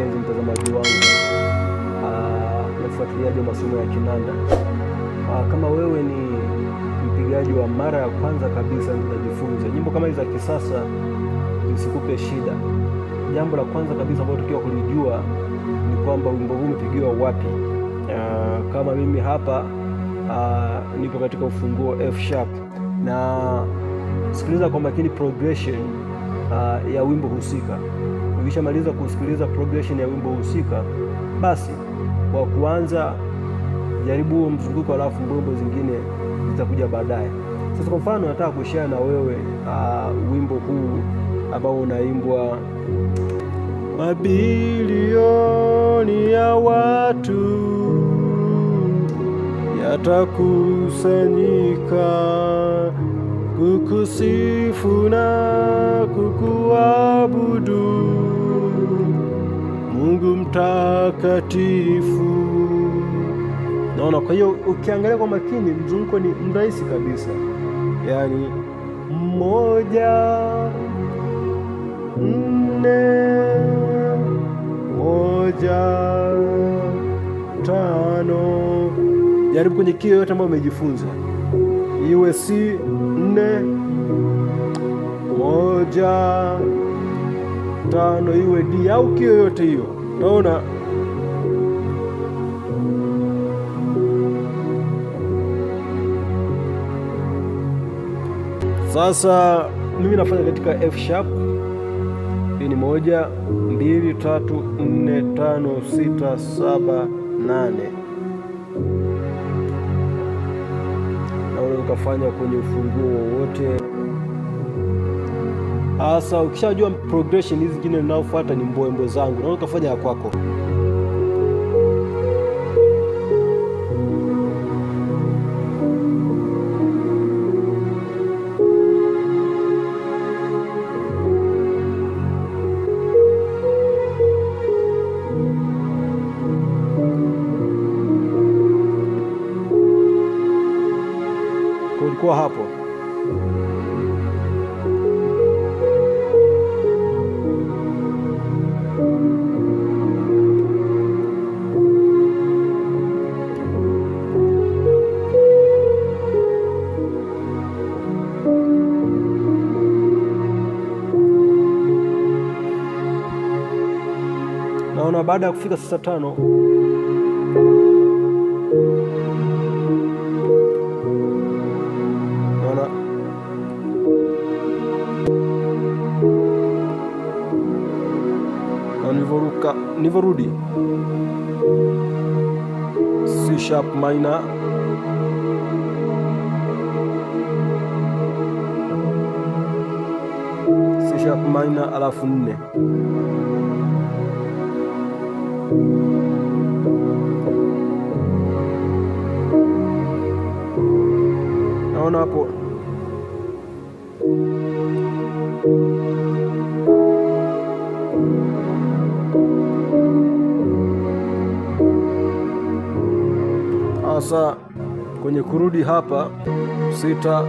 mpenzi mtazamaji wangu na ah, mfuatiliaji wa masomo ya kinanda, ah, kama wewe ni mpigaji wa mara ya kwanza kabisa, unajifunza nyimbo kama hizi za kisasa zisikupe shida. Jambo la kwanza kabisa ambalo tukiwa kulijua ni kwamba wimbo huu umepigiwa wapi. Ah, kama mimi hapa nipo katika ufunguo F sharp, na sikiliza kwa makini progression ya wimbo husika. Ukishamaliza kusikiliza progression ya wimbo husika, basi kwa kuanza jaribu huo mzunguko, alafu mbombo zingine zitakuja baadaye. Sasa kwa mfano, nataka kushare na wewe uh, wimbo huu ambao unaimbwa mabilioni ya watu yatakusanyika kukusifu na kukuabudu Mungu mtakatifu. Naona, kwa hiyo ukiangalia kwa makini mzunguko ni mrahisi kabisa, yaani mmoja nne moja tano. Jaribu kwenye kio yote ambayo umejifunza iwe si nne moja tano, iwe D au kio yoyote hiyo. Naona sasa mimi nafanya katika F sharp. Hii ni moja, mbili, tatu, nne, tano, sita, saba, nane. Naona ukafanya kwenye ufunguo wowote. Sasa ukishajua progression hizi zingine ninaofuata ni mbwembwe zangu, naona ukafanya ya kwako. Kulikuwa hapo na baada ya kufika saa tano nilivyoruka C sharp minor C sharp minor alafu nne Naona hapo hasa ah, kwenye kurudi hapa sita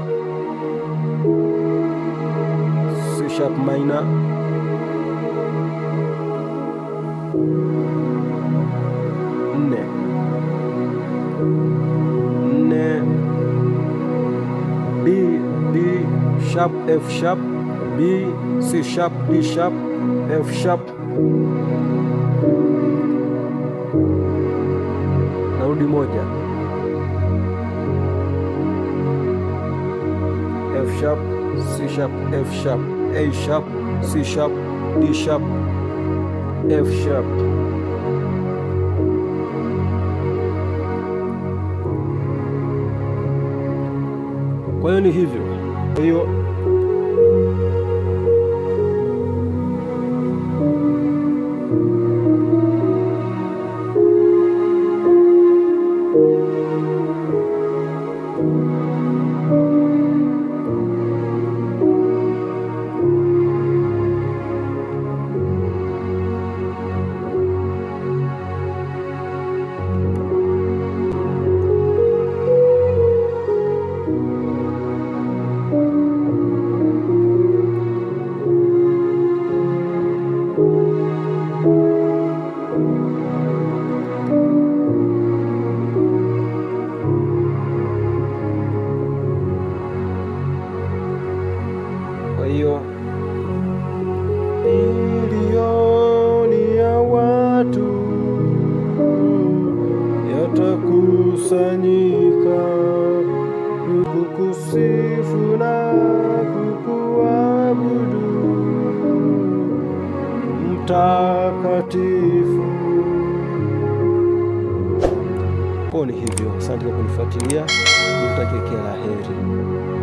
C sharp minor sharp, F sharp, B, C sharp, D sharp, F sharp. Narudi moja. F sharp, C sharp, F sharp, A sharp, C sharp, D sharp, F sharp. Kwa hiyo ni hivyo. Kwa hiyo hiyo milioni ya watu yatakusanyika kukusifu na kukuabudu Mtakatifu. Poni hivyo, asante kwa kunifuatilia, nikutakia kila la heri.